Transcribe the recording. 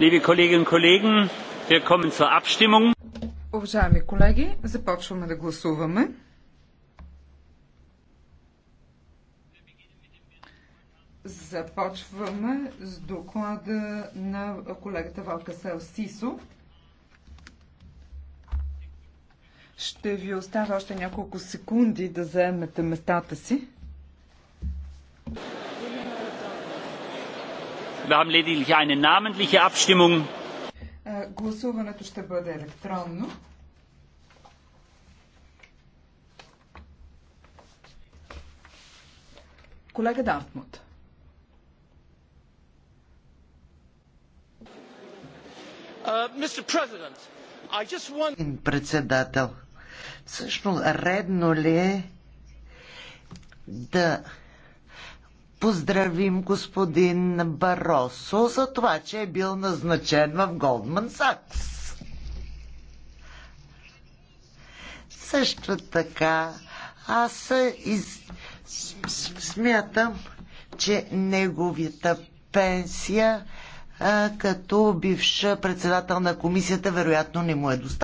Liebe Kolleginnen und Kollegen, wir kommen zur Abstimmung. Уважаеми колеги, започваме да гласуваме. Започваме с доклада на колегата Валка Сел Сисо. Ще ви оставя още няколко секунди да заемете местата си. Wir haben lediglich eine namentliche Abstimmung. Е, гласуването ще бъде електронно. Колега Дартмут. Е, председател, всъщност редно ли е да поздравим господин Баросо за това, че е бил назначен в Голдман Сакс. Също така, аз из... смятам, че неговата пенсия а, като бивша председател на комисията вероятно не му е достатъчно.